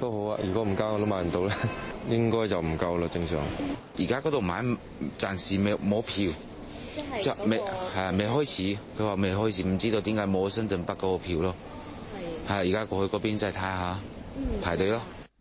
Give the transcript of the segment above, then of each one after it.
都好啊，如果唔加我都買唔到咧，應該就唔夠啦。正常，而家嗰度買暫時未冇票，即係未係啊，未開始。佢話未開始，唔知道點解冇深圳北嗰個票咯。係，而家過去嗰邊即係睇下排隊咯。嗯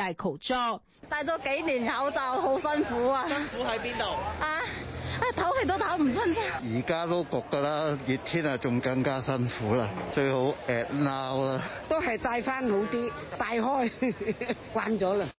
戴口罩戴咗幾年口罩好辛苦啊！辛苦喺邊度啊？啊，唞氣都唞唔出聲。而家都焗噶啦，熱天啊，仲更加辛苦啦。最好 at now 啦，都係戴翻好啲，戴開慣咗啦。